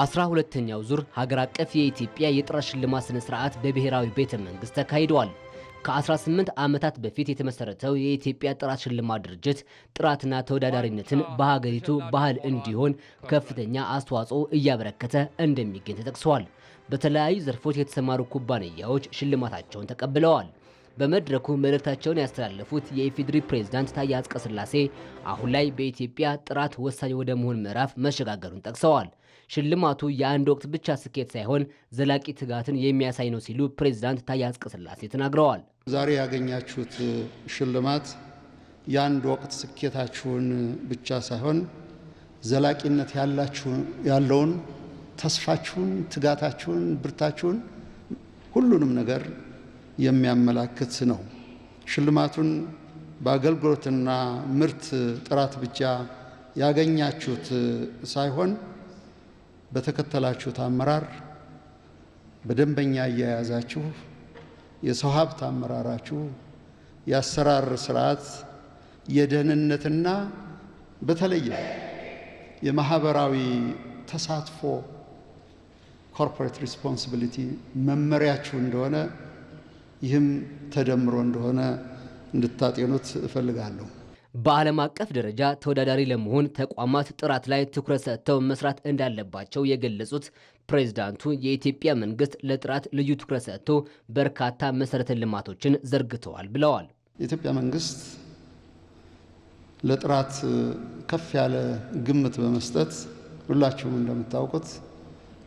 አስራ ሁለተኛው ዙር ሀገር አቀፍ የኢትዮጵያ የጥራት ሽልማት ስነ ስርዓት በብሔራዊ ቤተ መንግስት ተካሂደዋል። ከ18 ዓመታት በፊት የተመሰረተው የኢትዮጵያ ጥራት ሽልማት ድርጅት ጥራትና ተወዳዳሪነትን በሀገሪቱ ባህል እንዲሆን ከፍተኛ አስተዋጽኦ እያበረከተ እንደሚገኝ ተጠቅሰዋል። በተለያዩ ዘርፎች የተሰማሩ ኩባንያዎች ሽልማታቸውን ተቀብለዋል። በመድረኩ መልእክታቸውን ያስተላለፉት የኢፌዴሪ ፕሬዝዳንት ታዬ አጽቀሥላሴ አሁን ላይ በኢትዮጵያ ጥራት ወሳኝ ወደ መሆን ምዕራፍ መሸጋገሩን ጠቅሰዋል። ሽልማቱ የአንድ ወቅት ብቻ ስኬት ሳይሆን ዘላቂ ትጋትን የሚያሳይ ነው ሲሉ ፕሬዝዳንት ታዬ አጽቀሥላሴ ተናግረዋል። ዛሬ ያገኛችሁት ሽልማት የአንድ ወቅት ስኬታችሁን ብቻ ሳይሆን ዘላቂነት ያለውን ተስፋችሁን፣ ትጋታችሁን፣ ብርታችሁን ሁሉንም ነገር የሚያመላክት ነው። ሽልማቱን በአገልግሎትና ምርት ጥራት ብቻ ያገኛችሁት ሳይሆን በተከተላችሁት አመራር፣ በደንበኛ አያያዛችሁ፣ የሰው ሀብት አመራራችሁ፣ የአሰራር ስርዓት፣ የደህንነትና በተለየ የማህበራዊ ተሳትፎ ኮርፖሬት ሪስፖንሲቢሊቲ መመሪያችሁ እንደሆነ ይህም ተደምሮ እንደሆነ እንድታጤኑት እፈልጋለሁ። በዓለም አቀፍ ደረጃ ተወዳዳሪ ለመሆን ተቋማት ጥራት ላይ ትኩረት ሰጥተው መስራት እንዳለባቸው የገለጹት ፕሬዚዳንቱ የኢትዮጵያ መንግስት ለጥራት ልዩ ትኩረት ሰጥቶ በርካታ መሰረተ ልማቶችን ዘርግተዋል ብለዋል። የኢትዮጵያ መንግስት ለጥራት ከፍ ያለ ግምት በመስጠት ሁላችሁም እንደምታውቁት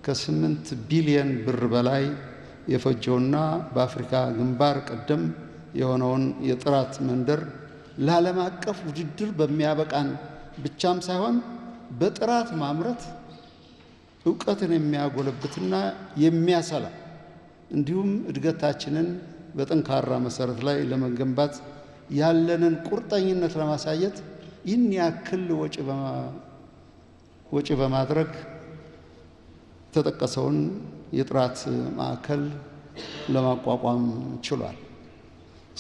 ከስምንት ቢሊየን ብር በላይ የፈጀውና በአፍሪካ ግንባር ቀደም የሆነውን የጥራት መንደር ለዓለም አቀፍ ውድድር በሚያበቃን ብቻም ሳይሆን በጥራት ማምረት እውቀትን የሚያጎለብትና የሚያሰላ እንዲሁም እድገታችንን በጠንካራ መሰረት ላይ ለመገንባት ያለንን ቁርጠኝነት ለማሳየት ይህን ያክል ወጪ በማድረግ የተጠቀሰውን የጥራት ማዕከል ለማቋቋም ችሏል።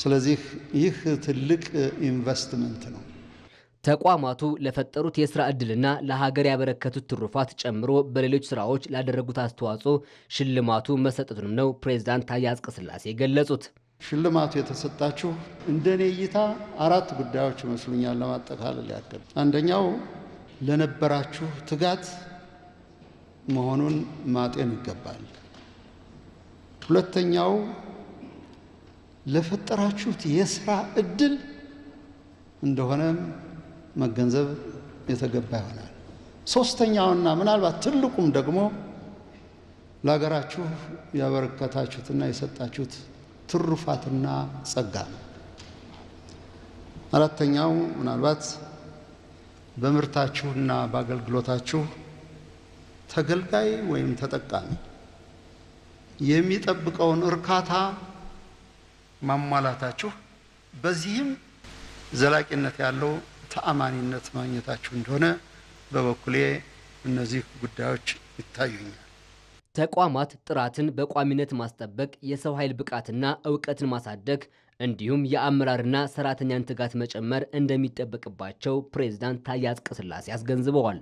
ስለዚህ ይህ ትልቅ ኢንቨስትመንት ነው። ተቋማቱ ለፈጠሩት የስራ ዕድልና ለሀገር ያበረከቱት ትሩፋት ጨምሮ በሌሎች ስራዎች ላደረጉት አስተዋጽኦ ሽልማቱ መሰጠቱንም ነው ፕሬዝዳንት ታዬ አጽቀሥላሴ ገለጹት። ሽልማቱ የተሰጣችሁ እንደኔ እይታ አራት ጉዳዮች ይመስሉኛል ለማጠቃለል ያክል አንደኛው ለነበራችሁ ትጋት መሆኑን ማጤን ይገባል። ሁለተኛው ለፈጠራችሁት የስራ እድል እንደሆነም መገንዘብ የተገባ ይሆናል። ሶስተኛውና ምናልባት ትልቁም ደግሞ ለሀገራችሁ ያበረከታችሁትና የሰጣችሁት ትሩፋትና ጸጋ ነው። አራተኛው ምናልባት በምርታችሁና በአገልግሎታችሁ ተገልጋይ ወይም ተጠቃሚ የሚጠብቀውን እርካታ ማሟላታችሁ በዚህም ዘላቂነት ያለው ተአማኒነት ማግኘታችሁ እንደሆነ በበኩሌ እነዚህ ጉዳዮች ይታዩኛል። ተቋማት ጥራትን በቋሚነት ማስጠበቅ፣ የሰው ኃይል ብቃትና እውቀትን ማሳደግ እንዲሁም የአመራርና ሰራተኛን ትጋት መጨመር እንደሚጠበቅባቸው ፕሬዝዳንት ታዬ አጽቀሥላሴ አስገንዝበዋል።